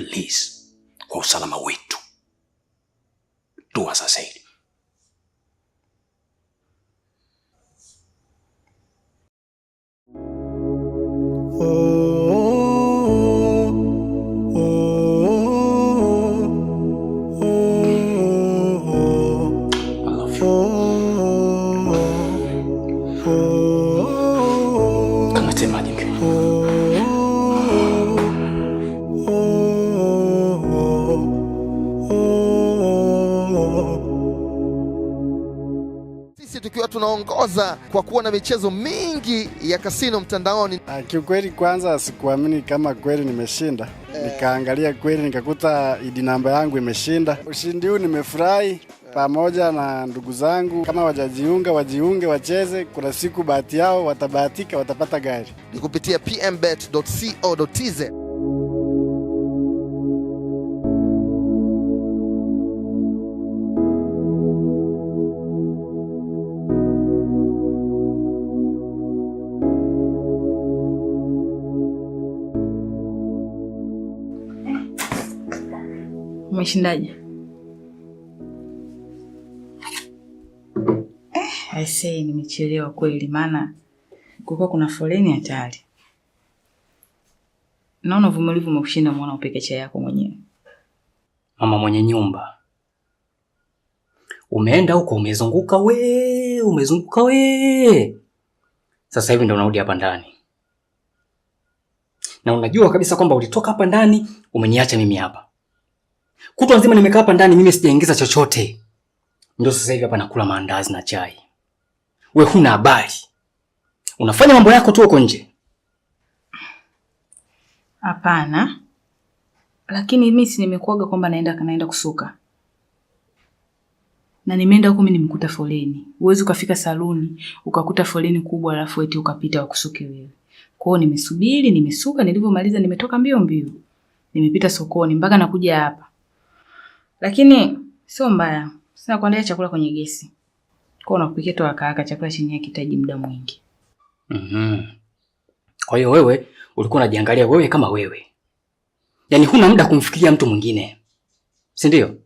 please kwa usalama wetu dua sasa hili oh. kuongoza kwa kuwa na michezo mingi ya kasino mtandaoni. Ah, kiukweli kwanza sikuamini kama kweli nimeshinda eh. Nikaangalia kweli nikakuta idi namba yangu imeshinda. Ushindi huu nimefurahi pamoja na ndugu zangu. Kama wajajiunga wajiunge, wacheze. Kuna siku bahati yao watabahatika, watapata gari. Ni kupitia pmbet.co.tz. umeshindaje? Eh, say nimechelewa kweli, maana kulikuwa kuna foleni hatari. Naona uvumilivu umekushinda mwana upekecha yako mwenyewe. Mama mwenye nyumba, umeenda huko, umezunguka we, umezunguka we, sasa hivi ndo unarudi hapa ndani, na unajua kabisa kwamba ulitoka hapa ndani umeniacha mimi hapa Kutwa nzima nimekaa hapa ndani mimi sijaingiza chochote. Ndio sasa hivi hapa nakula maandazi na chai. We huna habari. Unafanya mambo yako tu huko nje. Hapana. Lakini mimi si nimekuaga kwamba naenda kanaenda kusuka. Na nimeenda huko mimi nimekuta foleni. Uwezi ukafika saluni ukakuta foleni kubwa alafu eti ukapita wakusuke wewe. Kwao nimesubiri, nimesuka, nilivyomaliza nimetoka mbio mbio. Nimepita sokoni mpaka nakuja hapa. Lakini sio mbaya. Sina kuandaa chakula kwenye gesi. Kwa unakupikia tu akaaka chakula chenye kitaji muda mwingi. Mhm. Mm kwa hiyo wewe ulikuwa unajiangalia wewe kama wewe. Yaani huna muda kumfikiria mtu mwingine. Si ndio?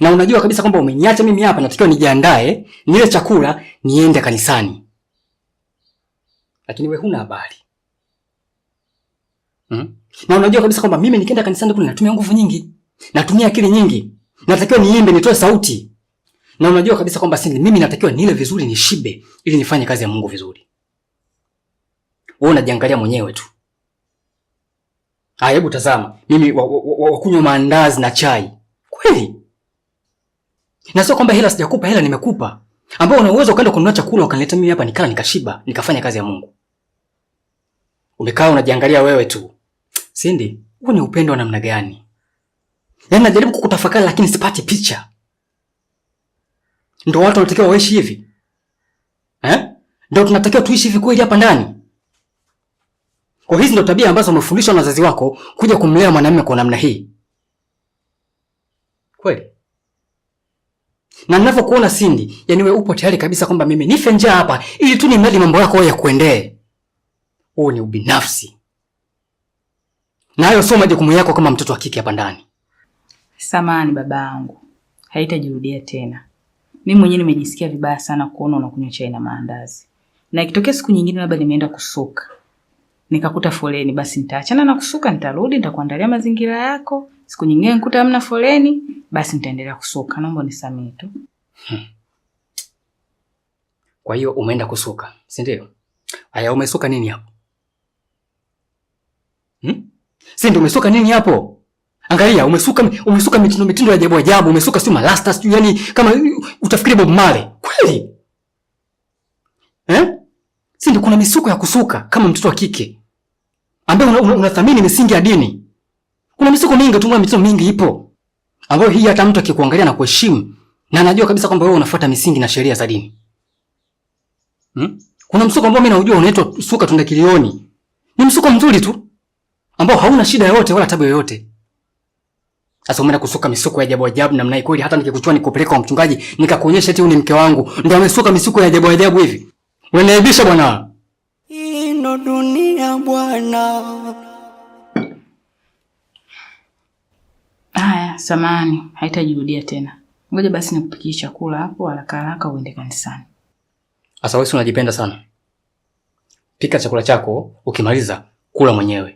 Na unajua kabisa kwamba umeniacha mimi hapa natakiwa nijiandae, nile chakula, niende kanisani. Lakini wewe huna habari. Mhm. Na unajua kabisa kwamba mimi nikienda kanisani kule natumia nguvu nyingi natumia akili nyingi, natakiwa niimbe, nitoe sauti, na unajua kabisa kwamba si mimi natakiwa nile vizuri, nishibe, ili nifanye kazi ya Mungu vizuri. Wewe unajiangalia mwenyewe tu. Ah, hebu tazama mimi wakunywa maandazi na chai kweli, na sio kwamba hela sijakupa, hela nimekupa, ambao una uwezo ukaenda kununua chakula ukanileta mimi hapa nikala, nikashiba, nikafanya kazi ya Mungu. Umekaa unajiangalia wewe tu, Sindi, huu ni upendo wa namna gani? Yaani najaribu kukutafakari lakini sipati picha. Ndio watu wanatakiwa waishi hivi. Eh? Ndio tunatakiwa tuishi hivi kweli hapa ndani. Kwa hizi ndio tabia ambazo umefundishwa na wazazi wako kuja kumlea mwanamume kwa namna hii. Kweli? Na ninavyokuona Sindi, yani wewe upo tayari kabisa kwamba mimi nife njaa hapa ili tu nimali mambo yako ya kuendee. Huo ni ubinafsi. Na hayo sio majukumu yako kama mtoto wa kike hapa ndani. Samani baba yangu, haitajirudia tena. Mimi mwenyewe nimejisikia vibaya sana kuona unakunywa chai na maandazi, na ikitokea siku nyingine labda nimeenda kusuka nikakuta foleni, basi nitaachana na kusuka, nitarudi nitakuandalia mazingira yako. Siku nyingine nikuta hamna foleni, basi nitaendelea kusuka. Naomba nisamehe tu. Hmm. Kwa hiyo umeenda kusuka, si ndio? Aya, umesuka nini hapo hmm? si ndio umesuka nini hapo? Angalia, umesuka umesuka mitindo mitindo ya ajabu ajabu, umesuka sio malasta sio, yani kama utafikiri Bob Marley kweli eh? Si ndio kuna misuko ya kusuka kama mtoto wa kike ambaye unathamini una, una misingi ya dini. Kuna misuko mingi tu, mitindo mingi ipo ambayo hii hata mtu akikuangalia na kuheshimu na anajua kabisa kwamba wewe unafuata misingi na sheria za dini hmm? Kuna msuko ambao mimi naujua unaitwa suka tunda kilioni, ni msuko mzuri tu ambao hauna shida yoyote wala tabu yoyote. Sasa umeenda kusuka misuko ya ajabu ajabu namna kweli, hata nikikuchua nikupeleka kwa mchungaji nikakuonyesha eti ni mke wangu ndio amesuka misuko ya ajabu ajabu hivi. Unaniaibisha bwana. Ino dunia bwana. Haya, samani haitajirudia tena. Ngoja basi nikupikie chakula hapo haraka haraka uende kanisani. Sasa wewe unajipenda sana. Pika chakula chako, ukimaliza kula mwenyewe.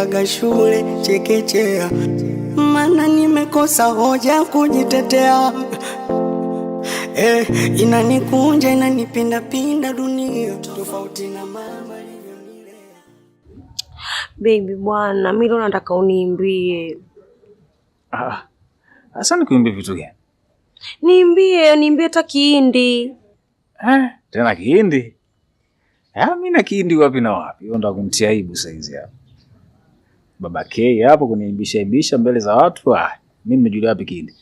kuingiaga shule chekechea, mana nimekosa hoja kujitetea. Eh, inanikunja inanipindapinda dunia tofauti na mama alivyonilea. Baby bwana, mimi leo nataka uniimbie. Ah, sasa nikuimbie vitu gani? Niimbie, niimbie hata Kihindi. Eh, tena Kihindi? Ah, mimi na Kihindi wapi na wapi? Ndio kumtia aibu saizi hapa. Baba K hapo kuniimbisha imbisha mbele za watu. Ah, mimi nimejulia wapi kindi?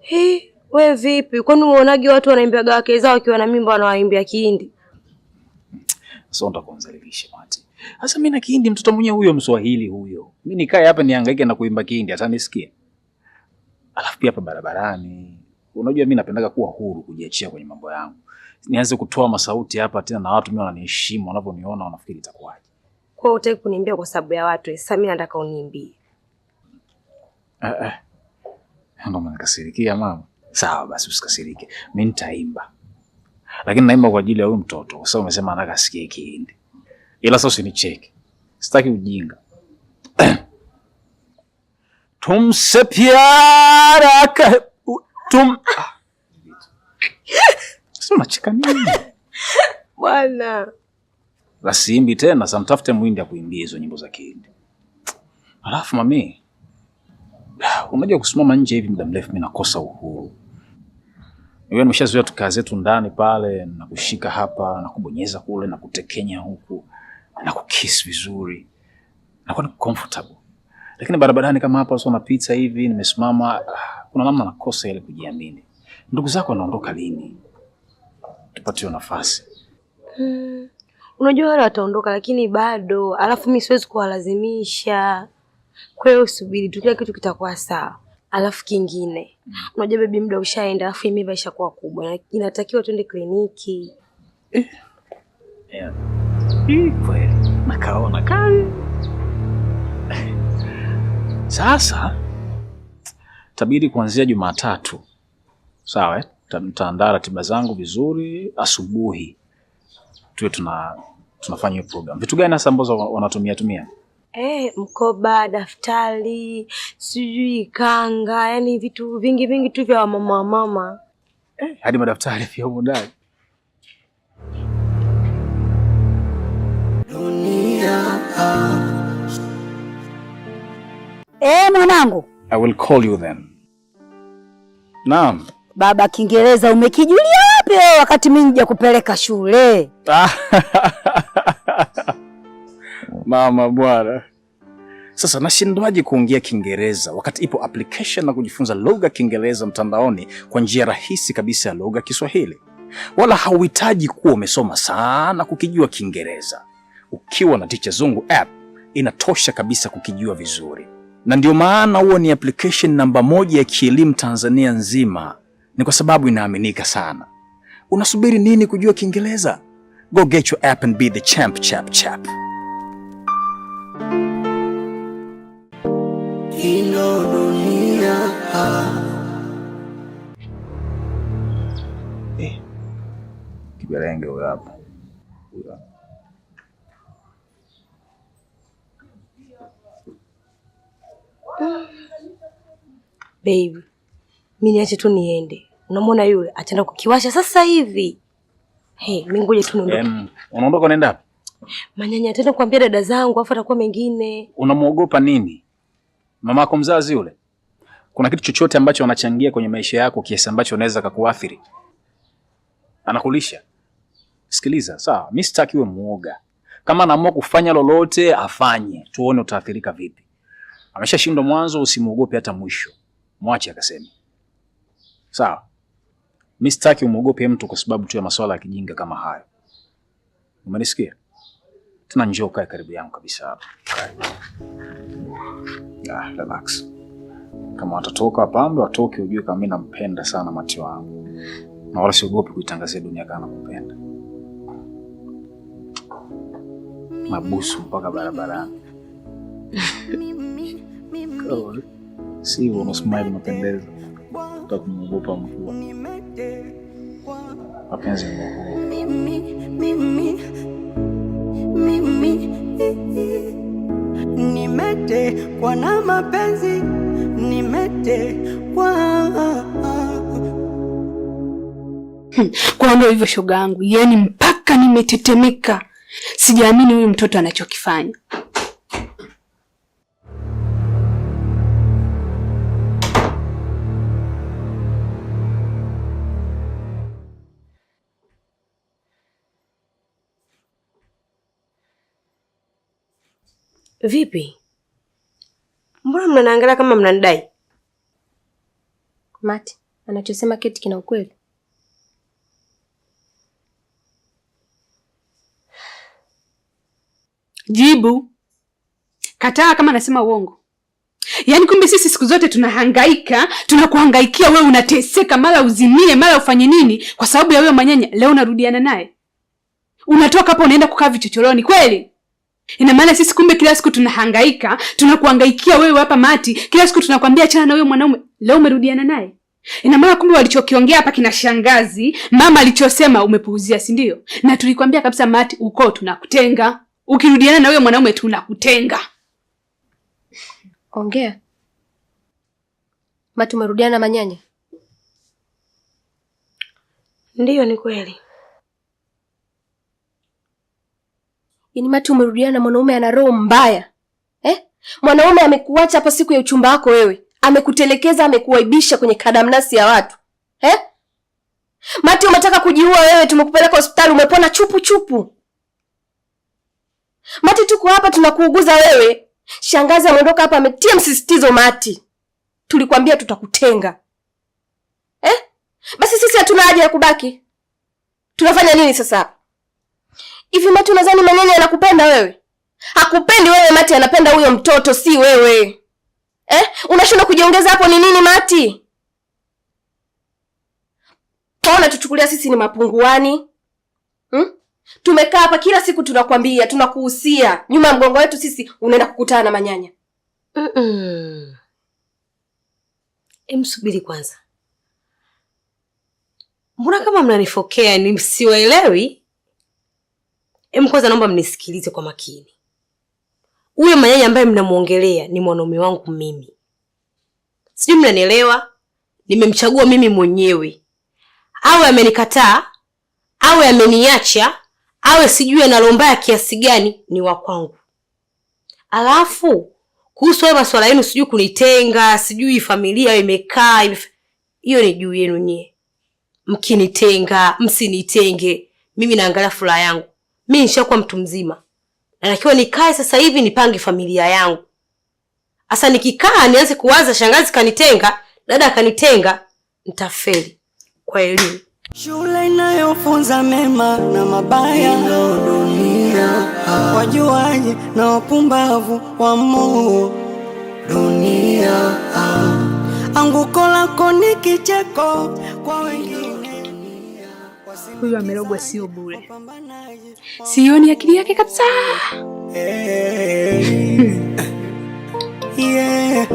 He, we vipi? Kwani unaonaje watu wanaimbiaga wake zao wakiwa na mimba wanawaimbia kindi? Sasa utakonzalisha mate. Sasa mimi na kindi mtoto mwenye huyo Mswahili huyo. Mimi nikae hapa nihangaike na kuimba kindi hata nisikie. Alafu pia hapa barabarani. Unajua mimi napendaga kuwa huru kujiachia kwenye mambo yangu. Nianze kutoa masauti hapa tena na watu mimi wananiheshimu, wanaponiona wanafikiri itakuwaje. Kwa utaki kuniambia kwa sababu ya watu. Sasa mimi nataka uniimbie. Eh eh. Ndio maana nikasirikia mama. Sawa basi usikasirike. Mimi nitaimba. Lakini naimba kwa ajili ya huyu mtoto. Sasa umesema anataka asikie Kihindi. Ila sasa usinicheke. Sitaki ujinga. Tumse pyara ka tum ah. Sasa unacheka nini? Bwana Asiimbi tena, samtafute mwindi akuimbie hizo nyimbo za Kihindi. Alafu mami, unajua kusimama nje hivi muda mrefu mimi nakosa uhuru. Wewe nimeshazoea kazi zetu ndani pale na kushika hapa na kubonyeza kule na kutekenya huku na kukiss vizuri. Nakuwa ni comfortable. Lakini barabarani kama hapa sio napita hivi nimesimama, kuna namna nakosa ile kujiamini. Ndugu zako wanaondoka lini? Tupatie nafasi. Mm unajua wale wataondoka, lakini bado, alafu mi siwezi kuwalazimisha. Kwa hiyo subiri tu, kila kitu kitakuwa sawa. Alafu kingine, unajua bebi, muda ushaenda, alafu imeiva ishakuwa kubwa, inatakiwa tuende kliniki. Eh. Kweli nakaona kali sasa, tabidi kuanzia Jumatatu, sawa? Eh? taandaa ratiba zangu vizuri, asubuhi tuwe tuna tunafanya hiyo program. Vitu gani hasa ambazo wanatumia tumia? Eh, mkoba, daftari, sijui kanga, yani vitu vingi vingi tu vya wamama mama. Eh, hadi madaftari pia humo ndani. Eh, mwanangu. I will call you then. Naam. Baba Kiingereza umekijulia wapi wewe wakati mimi nija kupeleka shule? Mama bwana, sasa nashindwaje kuongea Kiingereza wakati ipo application na kujifunza lugha ya Kiingereza mtandaoni kwa njia rahisi kabisa ya lugha Kiswahili. Wala hauhitaji kuwa umesoma sana kukijua Kiingereza. Ukiwa na Ticha Zungu app inatosha kabisa kukijua vizuri, na ndio maana huo ni application namba moja ya kielimu Tanzania nzima, ni kwa sababu inaaminika sana. Unasubiri nini kujua Kiingereza? Go get your app and be the champ chap chap. Ino eh, huyo hapa. Baby, mimi niache tu niende. Unamwona yule ataenda kukiwasha sasa hivi. Hey, mimi ngoja tu niondoke. Um, unaondoka unaenda wapi? Manyanya ataenda kuambia dada zangu afu atakuwa mengine. Unamuogopa nini? Mama yako mzazi yule. Kuna kitu chochote ambacho anachangia kwenye maisha yako kiasi ambacho unaweza kukuathiri? Anakulisha. Sikiliza, sawa. Mimi sitaki uwe muoga. Kama anaamua kufanya lolote afanye, tuone utaathirika vipi. Ameshashindwa mwanzo, usimuogope hata mwisho. Mwache akaseme. Sawa. Mimi sitaki umwogope mtu kwa sababu tu ya masuala ya kijinga kama hayo. Umenisikia? Tena njoo kae karibu yangu kabisa hapa. Ah, relax. Kama watatoka wapambe watoke, ujue kama mimi nampenda sana Mati wangu, na wala siogopi kuitangazia dunia kana kupenda mabusu mpaka barabarani. Si unasmile, unapendeza kuepuka kumwogopa Mapenzi ni Nimetekwa na mapenzi, nimetekwa kwa hivyo shoga yangu, yani mpaka nimetetemeka, sijaamini huyu mtoto anachokifanya. Vipi, mbona mnaniangalia kama mnanidai? Mati, anachosema Keti kina ukweli? Jibu. Kataa kama anasema uongo. Yaani kumbe sisi siku zote tunahangaika, tunakuhangaikia wewe, unateseka, mara uzimie, mara ufanye nini kwa sababu ya wewe manyanya. Leo unarudiana naye, unatoka hapo unaenda kukaa vichochoroni, kweli? Ina maana sisi kumbe kila siku tunahangaika, tunakuhangaikia wewe hapa Mati, kila siku tunakwambia achana na huyo mwanaume, leo umerudiana naye. Ina maana kumbe walichokiongea hapa kina shangazi, mama alichosema umepuuzia, si ndio? Na tulikwambia kabisa Mati, uko tunakutenga. Ukirudiana na huyo mwanaume tunakutenga. Ongea. Mati, umerudiana manyanya? Ndiyo, ni kweli. Yaani Mati, umerudiana na mwanaume ana roho mbaya eh? Mwanaume amekuacha hapa siku ya uchumba wako wewe, amekutelekeza, amekuaibisha kwenye kadamnasi ya watu eh? Mati, umetaka kujiua wewe, tumekupeleka hospitali, umepona chupu chupu. Mati, tuko hapa tunakuuguza wewe. Shangazi ameondoka hapa, ametia msisitizo Mati, tulikwambia tutakutenga eh? Basi sisi hatuna haja ya kubaki. Tunafanya nini sasa? Hivi Mati unadhani Manyanya anakupenda wewe? Hakupendi wewe Mati, anapenda huyo mtoto, si wewe eh? Unashindwa kujiongeza hapo ni nini Mati? Kaona tuchukulia sisi ni mapunguani hmm? Tumekaa hapa kila siku tunakwambia, tunakuhusia nyuma ya mgongo wetu, sisi unaenda kukutana na Manyanya. mm -mm. Emsubiri kwanza, mbona kama mnanifokea, ni msiwaelewi Em, kwanza naomba mnisikilize kwa makini. Huyo Manyanya ambaye mnamuongelea ni mwanaume wangu mimi, sijui mnanielewa. Nimemchagua mimi mwenyewe, awe amenikataa awe ameniacha awe sijui analomba ya kiasi gani, ni wa kwangu. Alafu kuhusu hayo maswala yenu, sijui kunitenga, sijui familia imekaa hiyo ni juu yenu nyie, mkinitenga msinitenge, mimi naangalia furaha yangu mi nishakuwa mtu mzima, natakiwa nikae sasa hivi nipange familia yangu. Sasa nikikaa nianze kuwaza shangazi kanitenga, dada kanitenga, nitafeli kwa elimu. Shule inayofunza mema na mabaya ndio dunia, wajuaji na wapumbavu wamo dunia. Anguko lako ni kicheko kwa wengine huyu amerogwa sio bure. Sioni akili yake kabisa. Hey, eh, eh, eh. yeah,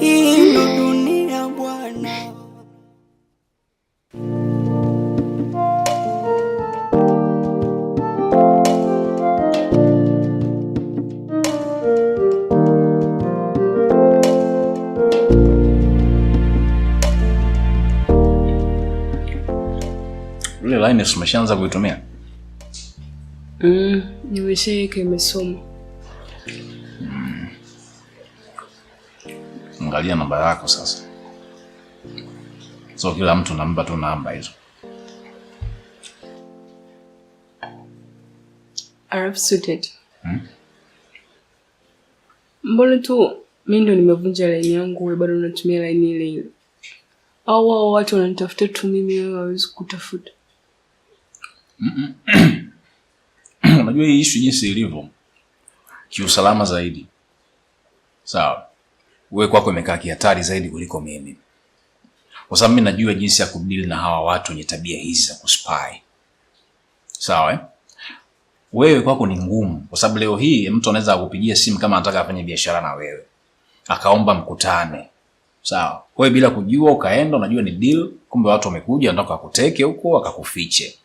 yeah. Genius umeshaanza kuitumia? Mm, nimeshaweka imesoma. Mm. Angalia namba yako sasa. So kila mtu namba tu namba hizo. Arab suited. Mm? Mbona tu mimi ndo nimevunja laini yangu, wewe bado unatumia laini ile ile? Au wao watu wananitafuta tu, mimi wewe hawezi kutafuta. Unajua hii issue jinsi ilivyo kiusalama zaidi, sawa? Wewe kwako imekaa kihatari zaidi kuliko mimi, kwa sababu mimi najua jinsi ya kudili na hawa watu wenye tabia hizi za kuspy, sawa eh? Wewe kwako ni ngumu, kwa sababu leo hii eh, mtu anaweza akupigia simu kama anataka afanye biashara na wewe, akaomba mkutane, sawa? Kwa hiyo bila kujua ukaenda, unajua ni deal, kumbe watu wamekuja wanataka wakuteke huko, akakufiche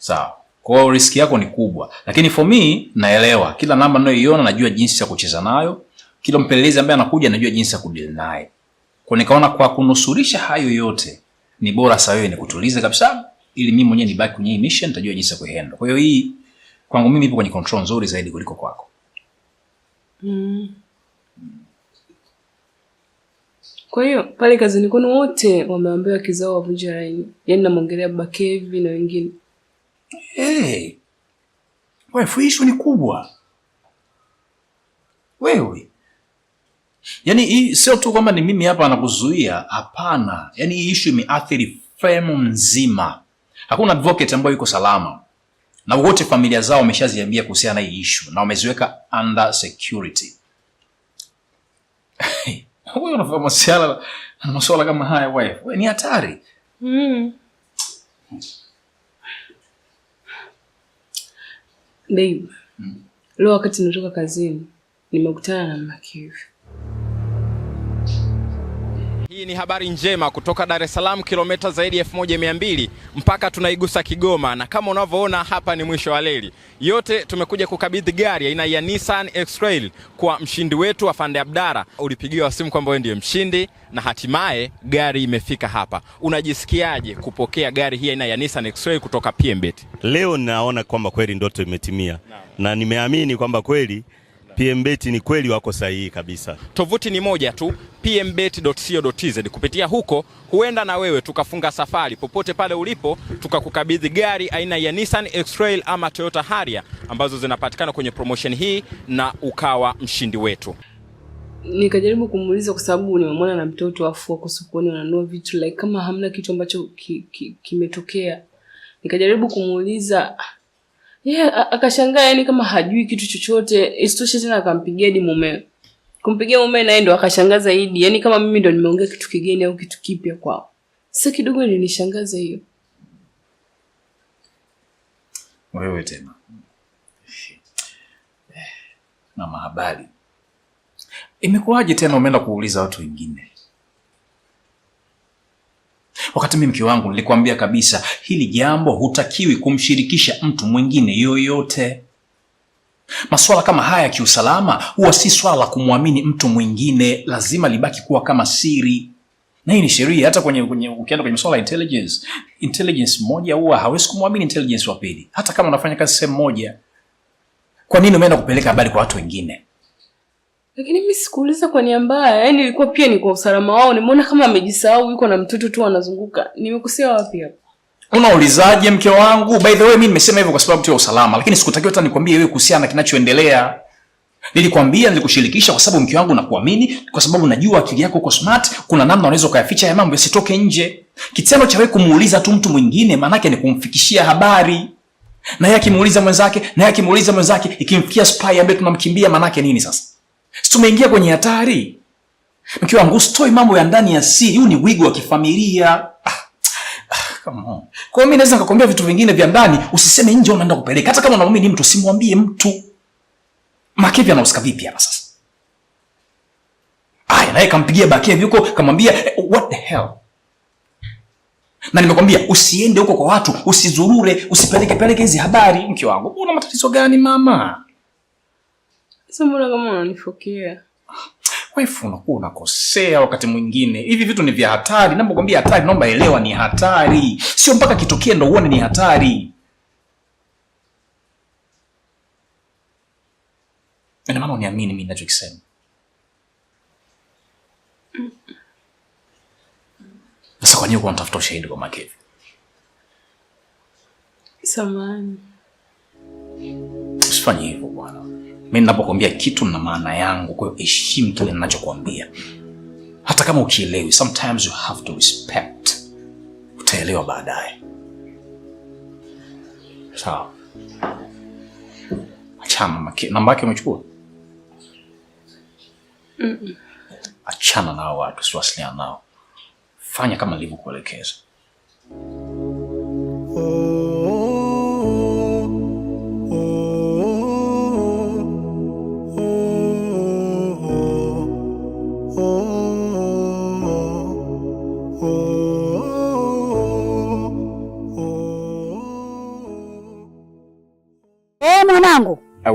sawa. Kwa hiyo riski yako ni kubwa, lakini for me naelewa kila namba ninayoiona, najua jinsi ya kucheza nayo. Kila mpelelezi ambaye anakuja, najua jinsi ya kudeal naye. Kwa nikaona kwa kunusurisha hayo yote, ni bora sasa wewe kutuliza kabisa, ili mimi mwenyewe nibaki kwenye mission, nitajua jinsi ya kuhandle. Kwa hiyo hii kwangu mimi ipo kwenye control nzuri zaidi kuliko kwako. Mm. Kwa hiyo pale kazini kwenu wote wameambiwa kizao wavunje laini, yaani namwongelea Baba Kevi na wengine hey. Wewe issue ni kubwa wewe, yaani hii sio tu kwamba ni mimi hapa anakuzuia, hapana. Yaani hii issue imeathiri fremu nzima, hakuna advocate ambayo yuko salama, na wote familia zao wameshaziambia kuhusiana na hii issue na wameziweka under security. Wewe unafanya masuala na masuala kama haya wewe, ni hatari mm. Babe, mm. Leo wakati natoka kazini nimekutana na Makivu. Hii ni habari njema kutoka Dar es Salaam, kilomita zaidi ya 1200 mpaka tunaigusa Kigoma, na kama unavyoona hapa ni mwisho wa leli. Yote tumekuja kukabidhi gari aina ya Nissan X-Trail kwa mshindi wetu Afande Abdara. Ulipigiwa simu kwamba wewe ndiye mshindi na hatimaye gari imefika hapa. Unajisikiaje kupokea gari hii aina ya Nissan X-Trail kutoka PMbet? Leo naona kwamba kweli ndoto imetimia na, na nimeamini kwamba kweli PMBet ni kweli wako sahihi kabisa. Tovuti ni moja tu pmbet.co.tz. Kupitia huko huenda na wewe tukafunga safari popote pale ulipo, tukakukabidhi gari aina ya Nissan X-Trail ama Toyota Harrier ambazo zinapatikana kwenye promotion hii na ukawa mshindi wetu. Nikajaribu kumuuliza kwa sababu nimemwona na mtoto afu wako sokoni wananua vitu like kama hamna kitu ambacho kimetokea ki, ki, nikajaribu kumuuliza yeah, akashangaa yani kama hajui kitu chochote. Isitoshe tena akampigia hadi mumewe. Kumpigia mumewe naye ndo akashangaa zaidi, yani kama mimi ndo nimeongea kitu kigeni au kitu kipya kwao. Sasa kidogo ilinishangaza hiyo. Wewe tena eh, mama, habari imekuwaje tena umeenda kuuliza watu wengine? Wakati mimi mke wangu nilikwambia kabisa hili jambo hutakiwi kumshirikisha mtu mwingine yoyote. Masuala kama haya ya kiusalama huwa si swala la kumwamini mtu mwingine, lazima libaki kuwa kama siri, na hii ni sheria. Hata kwenye ukienda kwenye masuala ya intelligence, intelligence moja huwa hawezi kumwamini intelligence wa pili, hata kama unafanya kazi sehemu moja. Kwa nini umeenda kupeleka habari kwa watu wengine? Lakini mimi sikuuliza kwa nia mbaya, yaani ilikuwa pia ni kwa usalama wao. Nimeona kama amejisahau, yuko na mtoto tu anazunguka. Nimekosea wapi hapo? Unaulizaje mke wangu? By the way, mimi nimesema hivyo kwa sababu tu ya usalama, lakini sikutakiwa hata nikwambie wewe kuhusiana na kinachoendelea. Nilikwambia, nilikushirikisha kwa sababu mke wangu nakuamini, kwa sababu najua akili yako uko smart, kuna namna unaweza ukayaficha ya mambo yasitoke nje. Kitendo cha wewe kumuuliza tu mtu mwingine, maanake ni kumfikishia habari. Na yeye akimuuliza mwenzake, na yeye akimuuliza mwenzake, ikimfikia spy ambaye tunamkimbia, maanake nini sasa? si tumeingia kwenye hatari? Mke wangu usitoi mambo ya ndani ya siri, huu ni wigo wa kifamilia. Ah, ah Kwa hiyo mimi naweza nikakwambia vitu vingine vya ndani, usiseme nje unaenda kupeleka. Hata kama unamwamini mtu simwambie mtu. Makevi anahusika vipi hapa sasa? Aya, naye kampigia Bakevi huko kamwambia eh, what the hell. Na nimekwambia usiende huko kwa watu, usizurure, usipeleke peleke hizi habari. Mke wangu, una matatizo gani mama? Sasa mbona kama unanifokia? Wewe unakuwa unakosea wakati mwingine. Hivi vitu ni vya hatari. Naomba kwambia hatari, naomba elewa ni hatari. Sio mpaka kitokee ndo uone ni hatari. Ina maana uniamini mimi ninachokisema. Sasa kwa nini uko unatafuta ushahidi kwa Makevi? Samahani. Usifanye hivyo bwana. Mimi ninapokuambia kitu na maana yangu, kwa hiyo heshimu kile ninachokuambia, hata kama ukielewi. Sometimes you have to respect, utaelewa baadaye. Sawa? Achana namba yake umechukua? mm -mm. Achana nao watu, siwasiliana nao, fanya kama nilivyokuelekeza.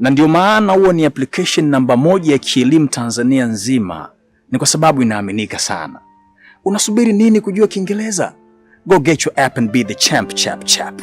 na ndio maana huo ni application namba moja ya kielimu Tanzania nzima, ni kwa sababu inaaminika sana. Unasubiri nini kujua Kiingereza? Go get your app and be the champ chap chap.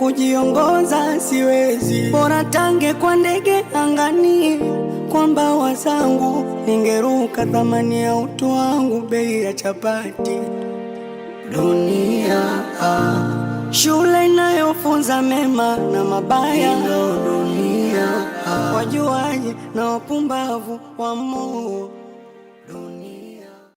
kujiongoza siwezi, bora tange kwa ndege angani, kwa mbawa zangu ningeruka. Thamani ya utu wangu bei ya chapati. Dunia ah, shule inayofunza mema na mabaya. Dunia ah, wajuaji na wapumbavu wa moo